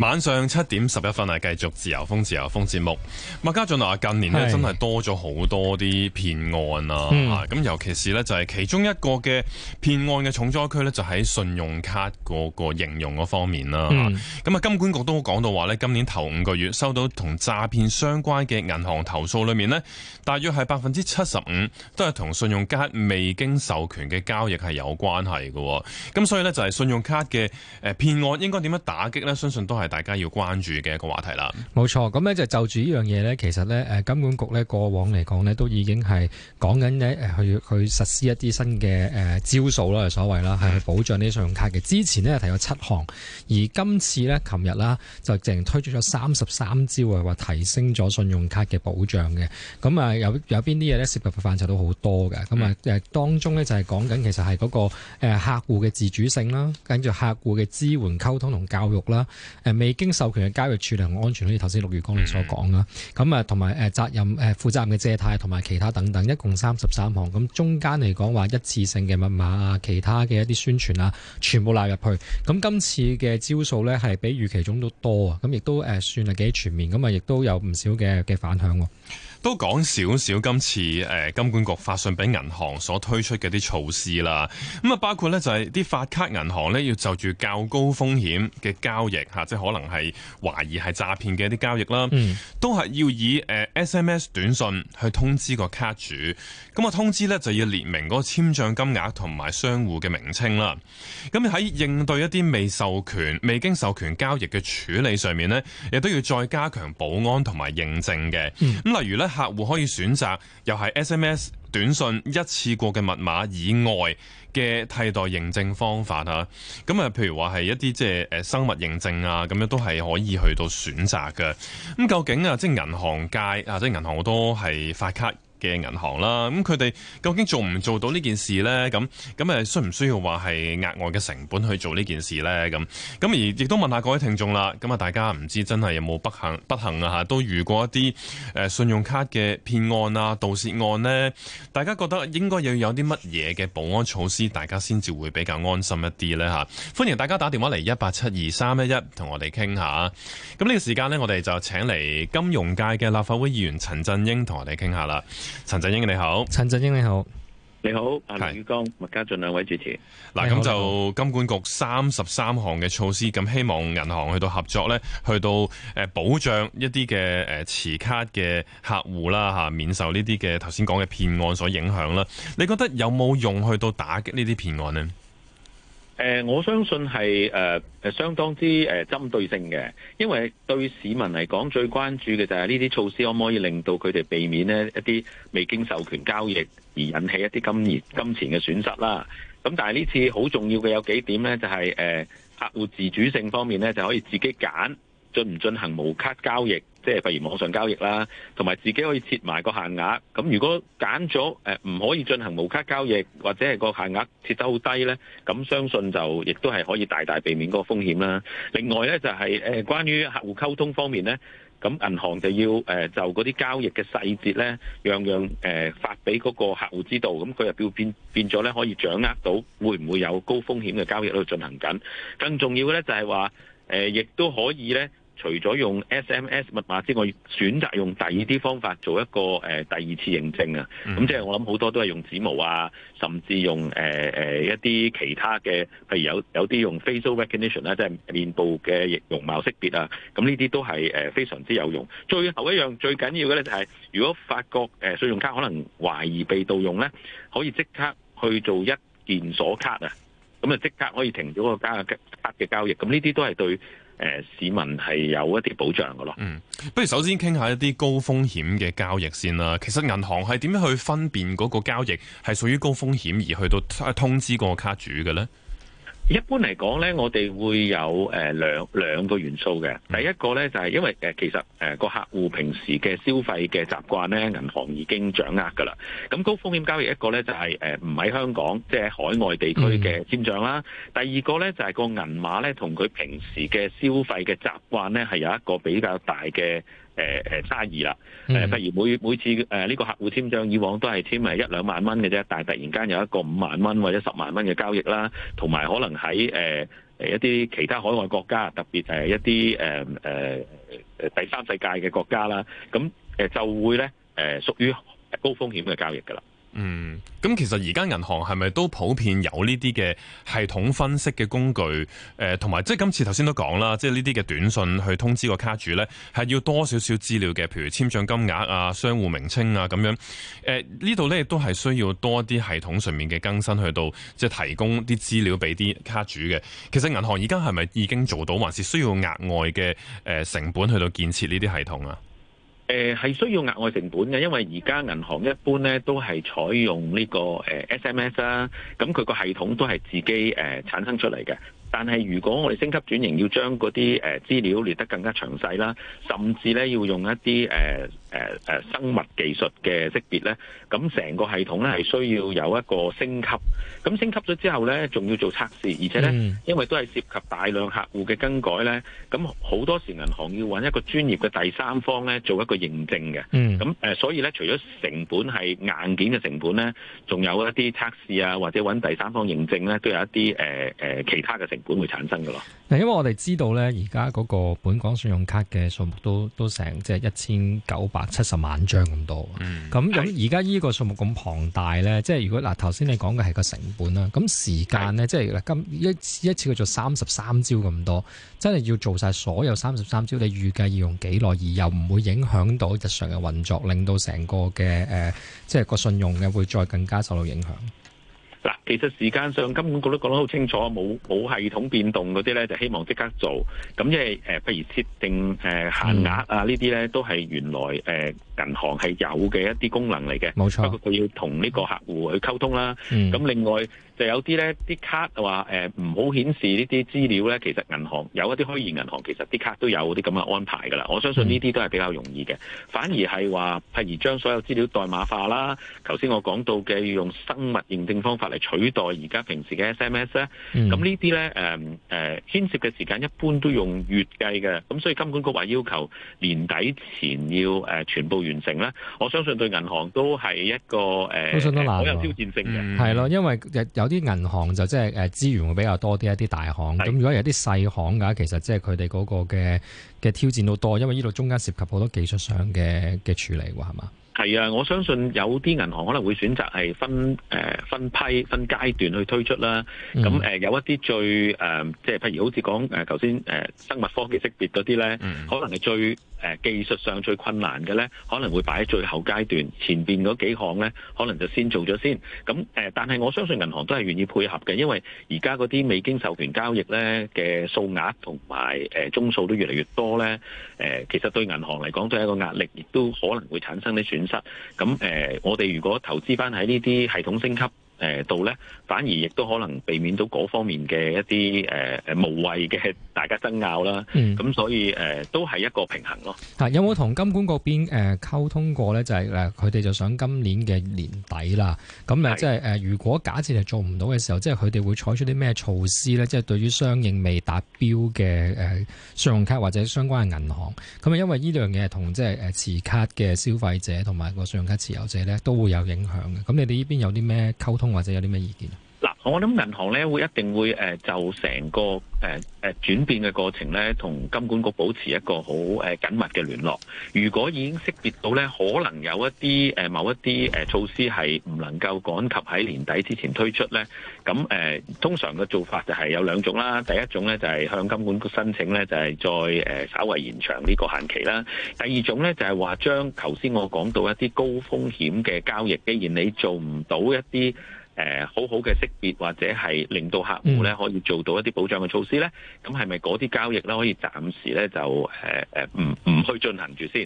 晚上七點十一分係繼續自由風自由風節目。麥家俊啊，近年咧真係多咗好多啲騙案啦，咁是尤其是咧就係其中一個嘅騙案嘅重災區咧就喺信用卡個應用方面啦。咁啊、嗯、金管局都講到話咧，今年頭五個月收到同詐騙相關嘅銀行投訴裏面咧，大約係百分之七十五都係同信用卡未經授權嘅交易係有關係嘅。咁所以咧就係信用卡嘅誒騙案應該點樣打擊咧？相信都係。大家要關注嘅一個話題啦，冇錯。咁咧就就住呢樣嘢咧，其實咧誒金管局咧過往嚟講咧，都已經係講緊咧誒去去實施一啲新嘅誒招數啦，係所謂啦，係去保障呢啲信用卡嘅。之前咧提咗七項，而今次咧，琴日啦就淨推出咗三十三招啊，話提升咗信用卡嘅保障嘅。咁啊，有有邊啲嘢咧涉及嘅範疇都好多嘅。咁啊誒，當中咧就係講緊其實係嗰個客戶嘅自主性啦，跟住客戶嘅支援、溝通同教育啦，誒。未經授權嘅交易處理同安全，好似頭先陸月剛你所講啦，咁啊同埋誒責任誒負責任嘅借貸同埋其他等等，一共三十三項。咁中間嚟講話一次性嘅密碼啊，其他嘅一啲宣傳啊，全部納入去。咁今次嘅招數呢，係比預期中都多啊，咁亦都誒算係幾全面，咁啊亦都有唔少嘅嘅反響。都講少少今次誒金管局發信俾銀行所推出嘅啲措施啦，咁啊包括咧就係啲發卡銀行咧要就住較高風險嘅交易吓，即係可能係懷疑係詐騙嘅一啲交易啦，嗯、都係要以誒 SMS 短信去通知個卡主，咁啊通知咧就要列明嗰個簽帳金額同埋商戶嘅名稱啦。咁喺應對一啲未授權未經授權交易嘅處理上面咧，亦都要再加強保安同埋認證嘅。咁例如咧。客戶可以選擇又係 SMS 短信，一次過嘅密碼以外嘅替代認證方法啊，咁啊，譬如話係一啲即係誒生物認證啊，咁樣都係可以去到選擇嘅。咁究竟啊，即係銀行界啊，即係銀行好多係發卡嘅銀行啦，咁佢哋究竟做唔做到呢件事呢？咁咁誒，需唔需要話係額外嘅成本去做呢件事呢？咁咁而亦都問下各位聽眾啦。咁啊，大家唔知真係有冇不幸不幸啊？都遇過一啲誒、呃、信用卡嘅騙案啊、盜竊案呢。大家覺得應該要有啲乜嘢嘅保安措施，大家先至會比較安心一啲呢？吓、啊，歡迎大家打電話嚟一八七二三一一，同我哋傾下。咁呢個時間呢，我哋就請嚟金融界嘅立法會議員陳振英同我哋傾下啦。陳振英你好，陳振英你好，你好，你好，你好，阿黎雨光、麥家俊兩位主持，嗱咁就金管局三十三項嘅措施，咁希望銀行去到合作咧，去到誒保障一啲嘅誒持卡嘅客戶啦吓，免受呢啲嘅頭先講嘅騙案所影響啦。你覺得有冇用去到打擊呢啲騙案呢？誒，我相信係誒相當之誒針對性嘅，因為對市民嚟講，最關注嘅就係呢啲措施可唔可以令到佢哋避免呢一啲未經授權交易而引起一啲金金錢嘅損失啦。咁但係呢次好重要嘅有幾點呢？就係誒客戶自主性方面呢，就可以自己揀進唔進行無卡交易。即係譬如網上交易啦，同埋自己可以設埋個限額。咁如果揀咗誒唔可以進行無卡交易，或者係個限額設得好低呢，咁相信就亦都係可以大大避免嗰個風險啦。另外呢，就係誒關於客戶溝通方面呢，咁銀行就要誒就嗰啲交易嘅細節呢，樣樣誒發俾嗰個客戶知道。咁佢又變變咗呢，可以掌握到會唔會有高風險嘅交易喺度進行緊。更重要嘅呢，就係話誒，亦都可以呢。除咗用 SMS 密碼之外，選擇用第二啲方法做一個第二次認證啊。咁即係我諗好多都係用指模啊，甚至用誒、呃呃、一啲其他嘅，譬如有有啲用 facial recognition 咧、啊，即、就、係、是、面部嘅容貌識別啊。咁呢啲都係、呃、非常之有用。最後一樣最緊要嘅咧就係、是，如果發覺誒信用卡可能懷疑被盜用咧，可以即刻去做一鍵鎖卡啊。咁啊，即刻可以停咗嗰個卡嘅交易。咁呢啲都係對。市民係有一啲保障嘅咯。嗯，不如首先傾下一啲高風險嘅交易先啦。其實銀行係點樣去分辨嗰個交易係屬於高風險而去到通知嗰個卡主嘅呢？一般嚟講咧，我哋會有誒兩兩個元素嘅。第一個咧就係因為、呃、其實誒個客戶平時嘅消費嘅習慣咧，銀行已經掌握噶啦。咁高風險交易一個咧就係誒唔喺香港，即係海外地區嘅簽賬啦。嗯。第二個咧就係個銀碼咧同佢平時嘅消費嘅習慣咧係有一個比較大嘅。誒誒差異啦，誒、嗯，譬如每每次誒呢個客戶簽賬，以往都係簽埋一兩萬蚊嘅啫，但係突然間有一個五萬蚊或者十萬蚊嘅交易啦，同埋可能喺誒誒一啲其他海外國家，特別係一啲誒誒第三世界嘅國家啦，咁誒就會咧誒屬於高風險嘅交易㗎啦。嗯，咁其實而家銀行係咪都普遍有呢啲嘅系統分析嘅工具？誒、呃，同埋即係今次頭先都講啦，即係呢啲嘅短信去通知個卡主呢，係要多少少資料嘅，譬如簽賬金額啊、商戶名稱啊咁樣。誒、呃，這呢度呢都係需要多啲系統上面嘅更新，去到即係、就是、提供啲資料俾啲卡主嘅。其實銀行而家係咪已經做到，還是需要額外嘅誒、呃、成本去到建設呢啲系統啊？誒係需要額外成本嘅，因為而家銀行一般咧都係採用呢個 SMS 啦，咁佢個系統都係自己誒產生出嚟嘅。但係如果我哋升級轉型，要將嗰啲誒資料列得更加詳細啦，甚至咧要用一啲誒誒生物技術嘅識別咧，咁成個系統咧係需要有一個升級。咁升級咗之後咧，仲要做測試，而且咧因為都係涉及大量客戶嘅更改咧，咁好多時銀行要搵一個專業嘅第三方咧做一個認證嘅。嗯，咁誒，所以咧除咗成本係硬件嘅成本咧，仲有一啲測試啊，或者搵第三方認證咧，都有一啲誒、呃呃、其他嘅成本。會產生噶咯，因為我哋知道呢，而家嗰個本港信用卡嘅數目都都成即係一千九百七十萬張咁多，咁咁而家呢個數目咁龐大呢，即係如果嗱，頭先你講嘅係個成本啦，咁時間呢，即係嗱，今一一次佢做三十三招咁多，真係要做晒所有三十三招，你預計要用幾耐，而又唔會影響到日常嘅運作，令到成個嘅誒、呃，即係個信用嘅會再更加受到影響。嗱，其實時間上金管局都講得好清楚，冇冇系統變動嗰啲咧，就希望即刻做。咁即係誒，譬、呃、如設定誒、呃、限額啊，呢啲咧都係原來誒。呃銀行係有嘅一啲功能嚟嘅，冇錯。佢要同呢個客戶去溝通啦。咁、嗯、另外就有啲呢啲卡話誒唔好顯示呢啲資料呢。其實銀行有一啲虛擬銀行，其實啲卡都有啲咁嘅安排㗎啦。我相信呢啲都係比較容易嘅。嗯、反而係話，譬如將所有資料代碼化啦。頭先我講到嘅要用生物認證方法嚟取代而家平時嘅 SMS 咧。咁、嗯、呢啲呢誒誒牽涉嘅時間一般都用月計嘅。咁所以金管局話要求年底前要誒全部完成咧，我相信對銀行都係一個誒，好、呃呃、有挑戰性嘅。係咯、嗯，因為有啲銀行就即係誒資源會比較多啲一啲大行，咁的如果有一啲細行嘅話，其實即係佢哋嗰個嘅嘅挑戰都多，因為呢度中間涉及好多技術上嘅嘅處理喎，係嘛？係啊，我相信有啲銀行可能會選擇係分誒、呃、分批分階段去推出啦。咁誒、嗯呃、有一啲最誒，即、呃、係譬如好似講誒頭先誒生物科技識別嗰啲咧，嗯、可能係最。技術上最困難嘅呢，可能會擺喺最後階段，前邊嗰幾項咧，可能就先做咗先。咁誒，但係我相信銀行都係願意配合嘅，因為而家嗰啲未經授權交易呢嘅數額同埋誒宗數都越嚟越多呢，誒，其實對銀行嚟講都係一個壓力，亦都可能會產生啲損失。咁誒，我哋如果投資翻喺呢啲系統升級。誒到咧，反而亦都可能避免到嗰方面嘅一啲誒誒無謂嘅大家爭拗啦。咁、嗯、所以誒、呃、都係一個平衡咯。吓、嗯、有冇同金管嗰邊誒溝通過咧？就係誒佢哋就想今年嘅年底啦。咁誒即係誒如果假設係做唔到嘅時候，即係佢哋會採取啲咩措施咧？即、就、係、是、對於相應未達標嘅誒信用卡或者相關嘅銀行，咁啊因為呢樣嘢同即係誒持卡嘅消費者同埋個信用卡持有者咧都會有影響嘅。咁你哋呢邊有啲咩溝通？或者有啲咩意見？嗱，我諗銀行咧會一定會誒就成個誒誒轉變嘅過程咧，同金管局保持一個好誒緊密嘅聯絡。如果已經識別到咧，可能有一啲誒某一啲誒措施係唔能夠趕及喺年底之前推出咧，咁誒通常嘅做法就係有兩種啦。第一種咧就係向金管局申請咧，就係再誒稍為延長呢個限期啦。第二種咧就係話將頭先我講到一啲高風險嘅交易，既然你做唔到一啲。誒，呃、好好嘅識別或者係令到客戶咧可以做到一啲保障嘅措施咧，咁係咪嗰啲交易咧可以暫時咧就誒唔唔去進行住先？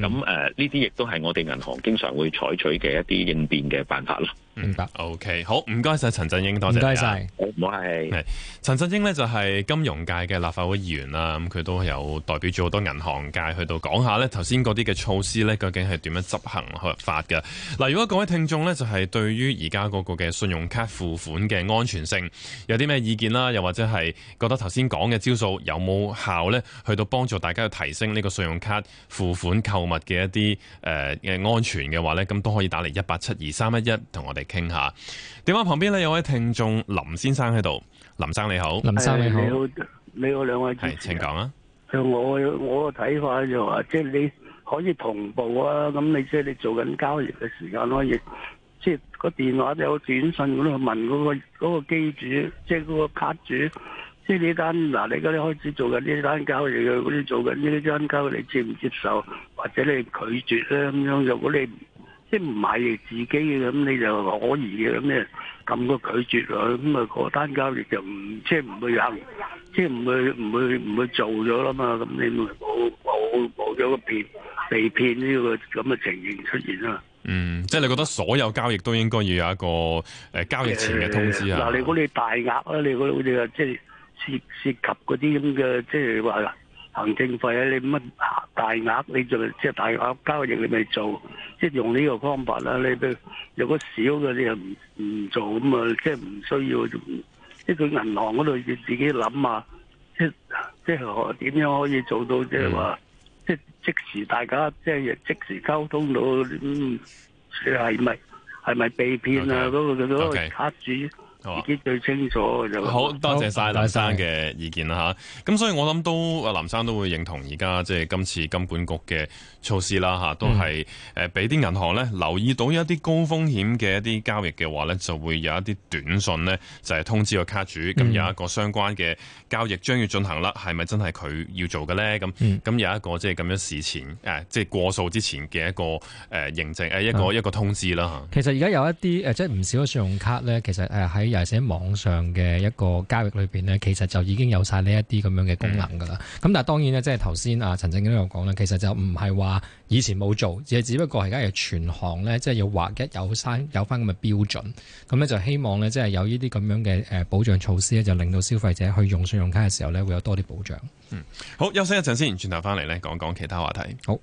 咁誒呢啲亦都係我哋銀行經常會採取嘅一啲應變嘅辦法啦。唔該、嗯、唔得，OK，好，唔該晒，陳振英，多謝唔該曬，唔好係。係陳振英呢就係金融界嘅立法會議員啦。咁佢都有代表住好多銀行界去到講下呢頭先嗰啲嘅措施呢，究竟係點樣執行法㗎？嗱，如果各位聽眾呢，就係、是、對於而家嗰個嘅信用卡付款嘅安全性有啲咩意見啦？又或者係覺得頭先講嘅招數有冇效呢？去到幫助大家去提升呢個信用卡付款購物嘅一啲誒嘅安全嘅話呢，咁都可以打嚟一八七二三一一同我哋。傾下電話旁邊咧，有一位聽眾林先生喺度。林先生你好，林生你好，你好，你好，你好，你好兩位，係請講啊、就是。就我我嘅睇法就話，即係你可以同步啊，咁你即係你做緊交易嘅時間咯，亦即係個電話有短信咁樣問嗰個嗰個機主，即係嗰個卡主，即係呢單嗱，你而家開始做緊呢單交易嘅，嗰啲做緊呢啲單交易你接唔接受，或者你拒絕咧咁樣，如果你即唔係自己嘅，咁你就可以嘅咁你，咁個拒絕佢，咁啊嗰單交易就唔即唔會有，即唔會唔會唔會做咗啦嘛，咁你冇冇咗個騙被騙呢個咁嘅情形出現啦。嗯，即你覺得所有交易都應該要有一個誒交易前嘅通知啊？嗱，欸，係，你估你大額啊，你估你啊即涉涉及嗰啲咁嘅即係話。即係行政費啊！你乜大額你仲即係大額交易你咪做，即係用呢個方法啦。你譬如如果少嘅你又唔唔做咁啊，即係唔需要即係佢銀行嗰度要自己諗下，即即係點樣可以做到即係話即即時大家即係即時溝通到係咪係咪被騙啊？嗰個嗰個卡主。Okay. 自己最清楚就。好,好多謝晒林生嘅意見啦嚇，咁所以我諗都阿林生都會認同而家即係今次金管局嘅措施啦嚇，都係誒俾啲銀行咧留意到一啲高風險嘅一啲交易嘅話咧，就會有一啲短訊咧就係、是、通知個卡主，咁有一個相關嘅交易將要進行啦，係咪真係佢要做嘅咧？咁咁、嗯、有一個即係咁樣事前誒，即、呃、係、就是、過數之前嘅一個誒、呃、認證誒、呃、一個,、嗯、一,個一個通知啦嚇、呃就是。其實而家有一啲誒即係唔少嘅信用卡咧，其實誒喺或者網上嘅一個交易裏邊呢，其實就已經有晒呢一啲咁樣嘅功能噶啦。咁、嗯、但係當然呢，即係頭先阿陳振英都有講啦，其實就唔係話以前冇做，只係只不過而家係全行呢，即係要劃一有翻有翻咁嘅標準。咁呢，就希望呢，即係有呢啲咁樣嘅誒保障措施咧，就令到消費者去用信用卡嘅時候呢，會有多啲保障。嗯，好休息一陣先，轉頭翻嚟呢，講講其他話題。好。